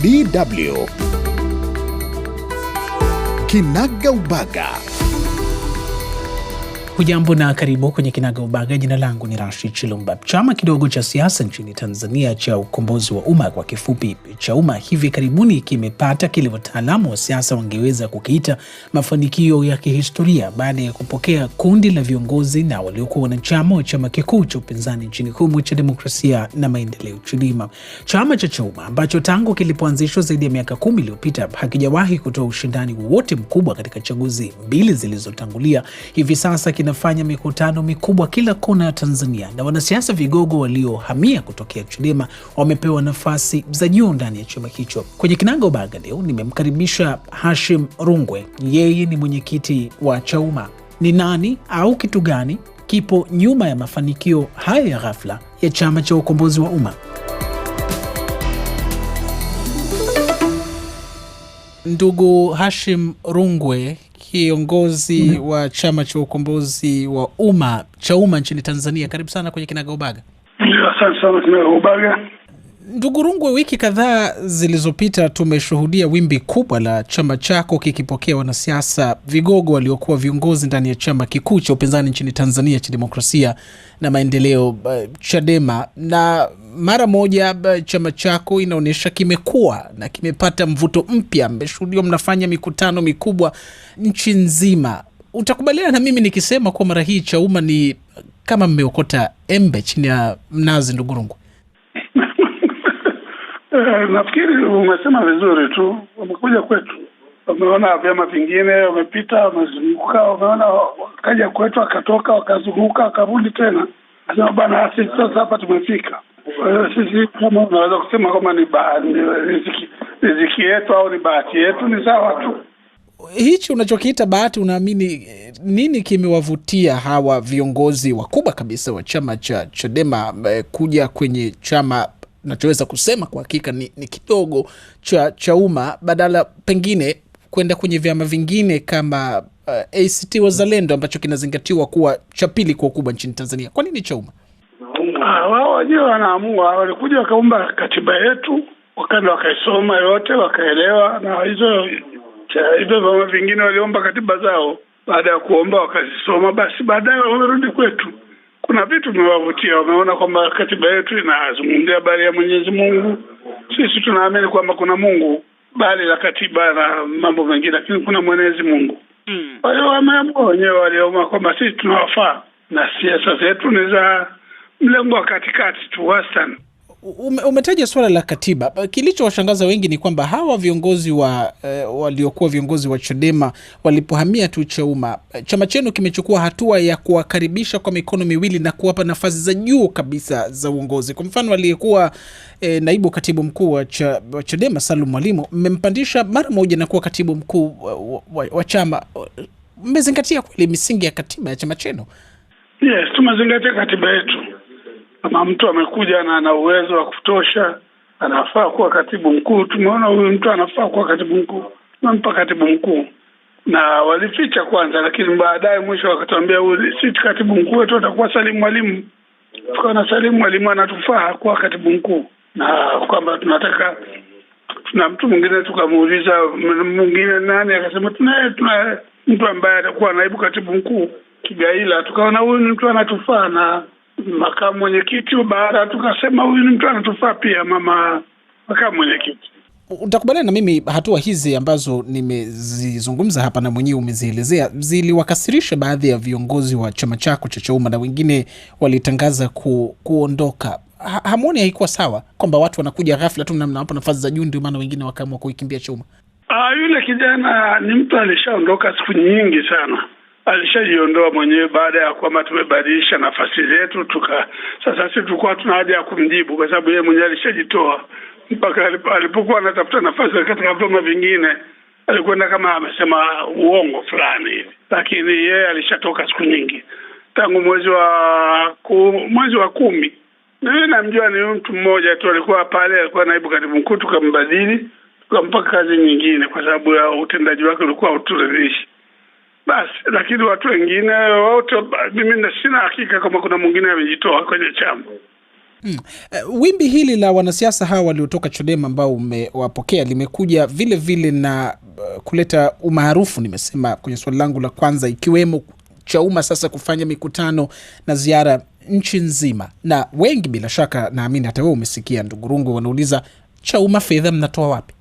DW Kinagaubaga. Hujambo na karibu kwenye Kinaga Ubaga. Jina langu ni Rashid Chilumba. Chama kidogo cha siasa nchini Tanzania cha Ukombozi wa Umma, kwa kifupi CHAUMMA, hivi karibuni kimepata kile wataalamu wa siasa wangeweza kukiita mafanikio ya kihistoria baada ya kupokea kundi la viongozi na waliokuwa wanachama wa chama kikuu cha upinzani nchini humo cha Demokrasia na Maendeleo, CHADEMA. Chama cha CHAUMMA ambacho tangu kilipoanzishwa zaidi ya miaka kumi iliyopita hakijawahi kutoa ushindani wowote mkubwa katika chaguzi mbili zilizotangulia, hivi sasa kina inafanya mikutano mikubwa kila kona ya Tanzania, na wanasiasa vigogo waliohamia kutokea Chadema wamepewa nafasi za juu ndani ya chama hicho. Kwenye Kinango Baga leo nimemkaribisha Hashim Rungwe, yeye ni mwenyekiti wa Chauma. Ni nani au kitu gani kipo nyuma ya mafanikio haya ya ghafla ya chama cha ukombozi wa umma? Ndugu Hashim Rungwe, kiongozi wa chama cha ukombozi wa umma cha umma nchini Tanzania. Karibu sana kwenye Kinagaubaga. Asante sana Kinagaubaga. Ndugu wiki kadhaa zilizopita tumeshuhudia wimbi kubwa la chama chako kikipokea wanasiasa vigogo waliokuwa viongozi ndani ya chama kikuu cha upinzani nchini Tanzania cha Demokrasia na Maendeleo, uh, Chadema, na mara moja chama chako inaonyesha kimekuwa na kimepata mvuto mpya. Mmeshuhudiwa mnafanya mikutano mikubwa nchi nzima. Utakubaliana na mimi nikisema kuwa mara hii umma ni kama mmeokota embe chini ya mnazi Ndugurungu? Eh, nafikiri umesema vizuri tu, wamekuja kwetu, wameona vyama vingine, wamepita, wamezunguka, wameona, wakaja kwetu, wakatoka, wakazunguka, wakarudi tena, asema bana, sisi sasa hapa tumefika. Eh, sisi kama unaweza kusema ni riziki, riziki yetu au ni bahati yetu, ni sawa tu. Hichi unachokiita bahati, unaamini eh, nini kimewavutia hawa viongozi wakubwa kabisa wa chama cha Chadema eh, kuja kwenye chama nachoweza kusema kwa hakika ni, ni kidogo cha umma badala pengine kwenda kwenye vyama vingine kama uh, ACT Wazalendo ambacho kinazingatiwa kuwa cha pili kwa ukubwa nchini Tanzania. Kwa nini umma? wao wenyewe wanaamua. Walikuja wakaumba katiba yetu, wakaenda wakaisoma yote, wakaelewa. Na hizo hivyo vyama vingine waliomba katiba zao, baada ya kuomba wakazisoma, basi baadaye wamerudi kwetu. Kuna vitu vimewavutia, wameona kwamba katiba yetu inazungumzia habari ya Mwenyezi Mungu. Sisi tunaamini kwamba kuna Mungu bali la katiba na mambo mengine, lakini kuna Mwenyezi Mungu. Hmm. Kwa hiyo wameamua wenyewe, waliomba kwamba sisi tunawafaa na siasa zetu ni za mlengo wa katikati tu wastani. umetaja suala la katiba. Kilichowashangaza wengi ni kwamba hawa viongozi wa uh, waliokuwa viongozi wa Chadema walipohamia tu cheuma eh, chama chenu kimechukua hatua ya kuwakaribisha kwa mikono miwili na kuwapa nafasi za juu kabisa za uongozi. Kwa mfano, aliyekuwa eh, naibu katibu mkuu wa, wa Chadema Salum Mwalimu mmempandisha mara moja na kuwa katibu mkuu wa, wa, wa chama. Mmezingatia kweli misingi ya katiba ya chama chenu? Yes, tumezingatia katiba yetu kama mtu amekuja na ana uwezo wa kutosha, anafaa kuwa katibu mkuu. Tumeona huyu mtu anafaa kuwa katibu mkuu, tumempa katibu mkuu na walificha kwanza, lakini baadaye mwisho wakatuambia si katibu mkuu wetu atakuwa Salim Mwalimu. Tukawa na Salimu Mwalimu anatufaa kuwa katibu mkuu, na kwamba tunataka tuna mtu mwingine. Tukamuuliza mwingine nani, akasema tuna tuna mtu ambaye atakuwa naibu katibu mkuu Kigaila. Tukaona huyu ni mtu anatufaa na makamu mwenyekiti baada, tukasema huyu ni mtu anatufaa pia, mama makamu mwenyekiti. Utakubaliana na mimi, hatua hizi ambazo nimezizungumza hapa na mwenyewe umezielezea ziliwakasirisha baadhi ya viongozi wa chama chako cha Chauma na wengine walitangaza ku, kuondoka. Ha, hamuoni haikuwa sawa kwamba watu wanakuja ghafla tu, mnawapa nafasi za juu, ndio maana wengine wakaamua kuikimbia Chauma? Ah, yule kijana ni mtu alishaondoka siku nyingi sana alishajiondoa mwenyewe baada ya kwamba tumebadilisha nafasi zetu, tuka sasa sisi tulikuwa tuna haja ya kumjibu kwa sababu yeye mwenyewe alishajitoa. Mpaka alipokuwa anatafuta nafasi katika vyama vingine alikwenda kama amesema uongo fulani hivi, lakini yeye alishatoka siku nyingi, tangu mwezi wa ku, mwezi wa kumi. Mimi namjua ni mtu mmoja tu alikuwa pale, alikuwa naibu katibu mkuu, tukambadili tukampaka kazi nyingine kwa sababu ya utendaji wake ulikuwa uturidhishi basi. Lakini watu wengine wote, mimi sina hakika kama kuna mwingine amejitoa kwenye chama. Hmm. Uh, wimbi hili la wanasiasa hawa waliotoka Chadema ambao umewapokea limekuja vile vile na uh, kuleta umaarufu, nimesema kwenye swali langu la kwanza, ikiwemo Chauma sasa kufanya mikutano na ziara nchi nzima, na wengi bila shaka, naamini hata wewe umesikia, ndugurungu wanauliza Chauma, fedha mnatoa wapi?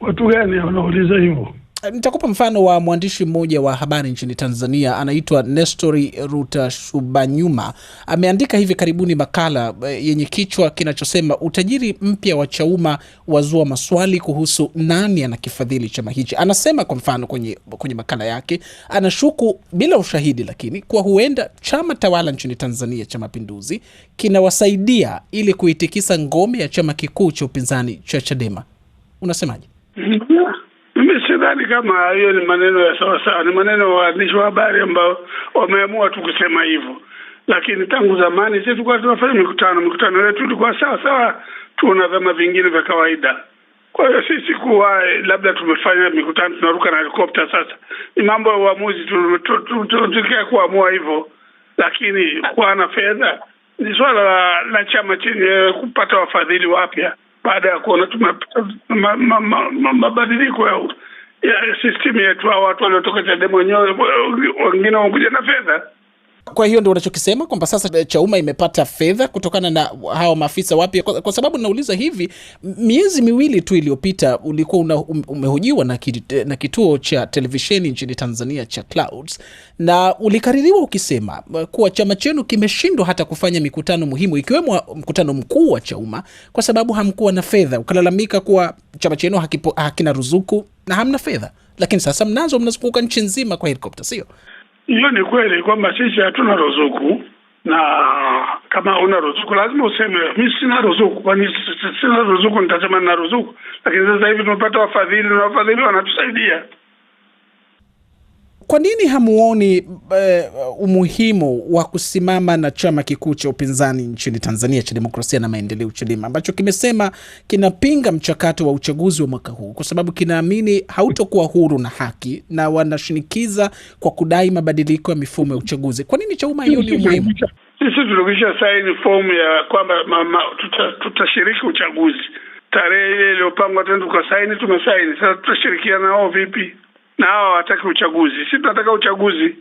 Watu gani wanauliza hivyo? Nitakupa mfano wa mwandishi mmoja wa habari nchini Tanzania anaitwa Nestori ruta shubanyuma Ameandika hivi karibuni makala eh, yenye kichwa kinachosema utajiri mpya wa Chauma wazua maswali kuhusu nani ana kifadhili chama hichi. Anasema kwa mfano kwenye, kwenye makala yake anashuku bila ushahidi, lakini kuwa huenda chama tawala nchini Tanzania cha Mapinduzi kinawasaidia ili kuitikisa ngome ya chama kikuu cha upinzani cha Chadema. Unasemaje? Sidhani kama hiyo ni maneno ya sawa sawa, ni maneno ya waandishi wa habari ambao wameamua tu kusema hivyo, lakini tangu zamani sisi tulikuwa tunafanya mikutano, mikutano yetu ilikuwa sawa sawa tu na vyama vingine vya kawaida. Kwa hiyo sisi kuwa labda tumefanya mikutano tunaruka na helikopta, sasa ni mambo ya uamuzi, tukia kuamua hivyo, lakini kuwa na fedha ni swala la, la chama chenye kupata wafadhili wapya baada ya kuona tuna mabadiliko ya ya system yetu, hao watu waliotoka Chadema wenyewe wengine wamekuja na fedha kwa hiyo ndio unachokisema kwamba sasa Chauma imepata fedha kutokana na hawa maafisa wapya? Kwa, kwa sababu nauliza hivi, miezi miwili tu iliyopita ulikuwa una, um, umehojiwa na, na kituo cha televisheni nchini Tanzania cha Clouds na ulikaririwa ukisema kuwa chama chenu kimeshindwa hata kufanya mikutano muhimu ikiwemo mkutano mkuu wa Chauma kwa sababu hamkuwa na fedha. Ukalalamika kuwa chama chenu hakina ruzuku na hamna fedha, lakini sasa mnazo, mnazunguka nchi nzima kwa helikopta, sio? Hiyo ni kweli kwamba sisi hatuna ruzuku, na kama una ruzuku lazima useme mimi sina ruzuku. Kwani sina ruzuku nitasema nina ruzuku? Lakini sasa hivi tumepata wafadhili na wafadhili wanatusaidia. Kwa nini hamuoni uh, umuhimu wa kusimama na chama kikuu cha upinzani nchini Tanzania cha Demokrasia na Maendeleo, CHADEMA, ambacho kimesema kinapinga mchakato wa uchaguzi wa mwaka huu kwa sababu kinaamini hautokuwa huru na haki, na wanashinikiza kwa kudai mabadiliko ya mifumo ya uchaguzi? Kwa nini CHAUMMA hiyo ni umuhimu? Sisi tulikisha saini fomu ya kwamba tutashiriki tuta uchaguzi tarehe ile iliyopangwa, tena tukasaini, tumesaini. Sasa tutashirikiana nao vipi? na hawa hawataki uchaguzi. si tunataka uchaguzi.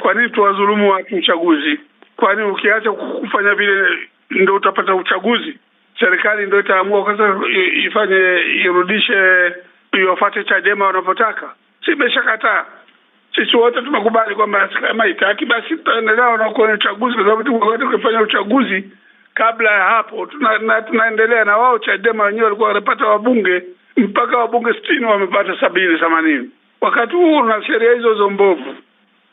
Kwa nini tuwadhulumu watu uchaguzi? Kwani ukiacha kufanya vile ndo utapata uchaguzi? Serikali ndo itaamua kwanza ifanye irudishe, iwafate Chadema wanavyotaka. Si imeshakataa sisi wote tumekubali kwamba kama itaki basi tutaendelea wanakuwa uchaguzi, kwa sababu uchaguzi kabla ya hapo tuna, tunaendelea na wao. Chadema wenyewe walikuwa wanapata wabunge mpaka wabunge sitini wamepata sabini themanini. Wakati huu una sheria hizo zo mbovu,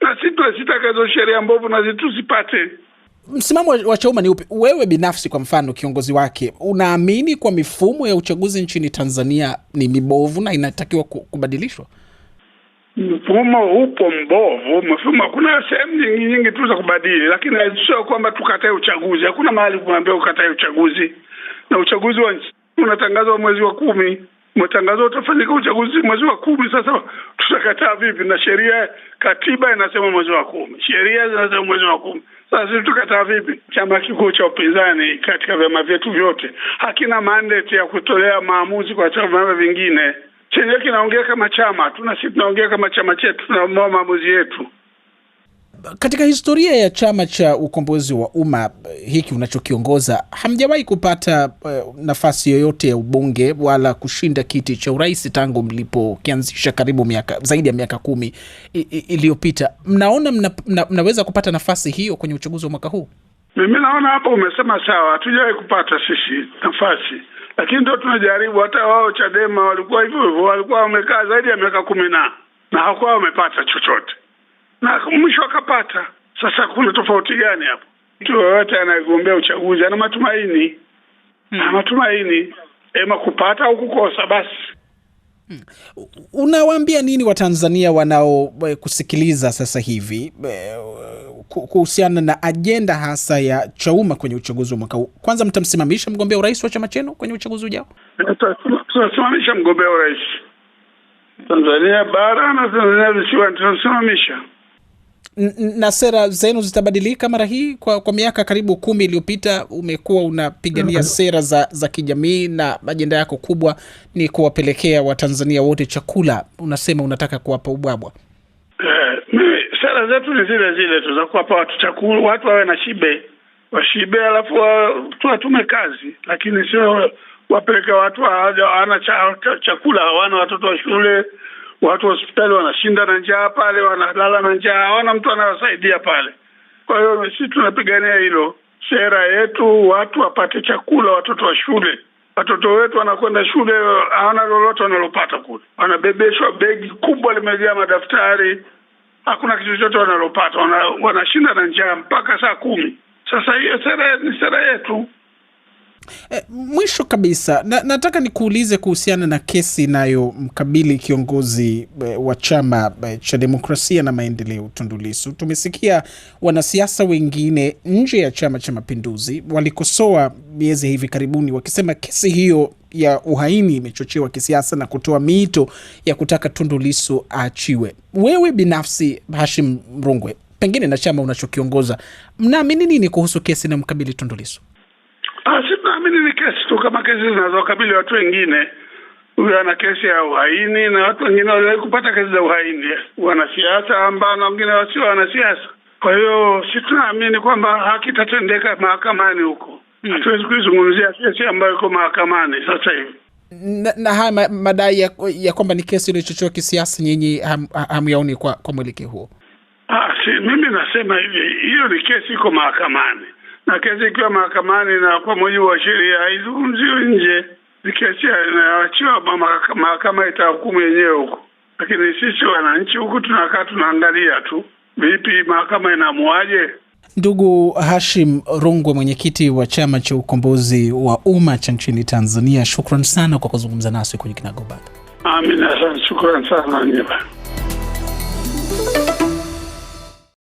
na si sitwezitaka hizo sheria mbovu nazi tuzipate. Msimamo wa Chauma ni upi? Wewe binafsi, kwa mfano, kiongozi wake, unaamini kwa mifumo ya uchaguzi nchini Tanzania ni mibovu na inatakiwa kubadilishwa? Mfumo upo mbovu, mfumo. Kuna sehemu nyingi nyingi tu za kubadili, lakini sio kwamba tukatae uchaguzi. Hakuna mahali kuambia ukatae uchaguzi, na uchaguzi wa unatangazwa mwezi wa kumi matangazo utafanyika uchaguzi mwezi wa kumi. Sasa tutakataa vipi? Na sheria katiba inasema mwezi wa kumi, sheria zinasema mwezi wa kumi. Sasa sisi tutakataa vipi? Chama kikuu cha upinzani katika vyama vyetu vyote hakina mandate ya kutolea maamuzi kwa vyama vingine. Chenyewe kinaongea kama chama tu, na sisi tunaongea kama chama chetu, tunaamua maamuzi yetu katika historia ya chama cha ukombozi wa umma hiki unachokiongoza hamjawahi kupata uh, nafasi yoyote ya ubunge wala kushinda kiti cha urais tangu mlipokianzisha karibu miaka zaidi ya miaka kumi iliyopita. Mnaona mna, mna, mnaweza kupata nafasi hiyo kwenye uchaguzi wa mwaka huu? Mimi naona hapo umesema sawa, hatujawahi kupata sisi nafasi, lakini ndo tunajaribu. Hata wao Chadema walikuwa hivyo hivyo, walikuwa wamekaa zaidi ya miaka kumi na na hawakuwa wamepata chochote na mwisho akapata. Sasa kuna tofauti gani hapo? Mtu yoyote anayegombea uchaguzi ana matumaini hmm, ana matumaini ema eh, kupata au kukosa basi. Hmm. Unawaambia nini Watanzania wanaokusikiliza eh, sasa hivi eh, kuhusiana na ajenda hasa ya Chauma kwenye uchaguzi wa mwaka huu? Kwanza, mtamsimamisha mgombea urais wa chama chenu kwenye uchaguzi ujao? Tutasimamisha mgombea urais Tanzania bara na Tanzania visiwa, tutasimamisha na sera zenu zitabadilika mara hii? Kwa, kwa miaka karibu kumi iliyopita umekuwa unapigania mm, sera za, za kijamii na ajenda yako kubwa ni kuwapelekea Watanzania wote chakula. Unasema unataka kuwapa ubwabwa. Eh, sera zetu ni zile zile tu za kuwapa watu chakula, watu wawe na shibe, washibe alafu tuwatume kazi, lakini sio wapeleke watu hawana chakula, hawana watoto wa shule watu wa hospitali wanashinda na njaa pale, wanalala na njaa, hawana mtu anawasaidia pale. Kwa hiyo sisi tunapigania hilo, sera yetu watu wapate chakula, watoto wa shule watoto wetu wanakwenda shule, hawana lolote wanalopata kule, wanabebeshwa begi kubwa limejaa madaftari, hakuna kitu chochote wanalopata, wanashinda na njaa mpaka saa kumi. Sasa hiyo sera ni sera yetu. E, mwisho kabisa na, nataka nikuulize kuhusiana na kesi inayomkabili kiongozi e, wa chama e, cha demokrasia na maendeleo tundulisu Tumesikia wanasiasa wengine nje ya Chama cha Mapinduzi walikosoa miezi hivi karibuni wakisema kesi hiyo ya uhaini imechochewa kisiasa na kutoa miito ya kutaka tundulisu aachiwe. Wewe binafsi Hashim Rungwe, pengine na chama unachokiongoza, mnaamini nini kuhusu kesi inayomkabili tundulisu kama kesi zinazokabili watu wengine. Huyo ana kesi ya uhaini na watu wengine waliwahi kupata kesi za uhaini, wanasiasa ambao na wengine wasio wanasiasa. Kwa hiyo si tunaamini kwamba haki itatendeka mahakamani huko. Hmm. Hatuwezi kuizungumzia kesi ambayo iko mahakamani sasa hivi na, na haya ma, madai ya, ya kwamba ni kesi iliyochochewa kisiasa, nyinyi hamyaoni ham kwa, kwa mwelekeo huo? Ah, si, mimi nasema hivi, hiyo ni kesi iko mahakamani na kesi ikiwa mahakamani na kwa mujibu wa sheria haizungumziwi nje, kesi inaachiwa mahakama itahukumu yenyewe huko. Lakini sisi wananchi huku tunakaa tunaangalia tu, vipi mahakama inamuaje? Ndugu Hashim Rungwe, mwenyekiti wa chama cha ukombozi wa umma cha nchini Tanzania, shukran sana kwa kuzungumza nasi kwenye Kinagobanga. Amina sana, shukran sana Nyeba.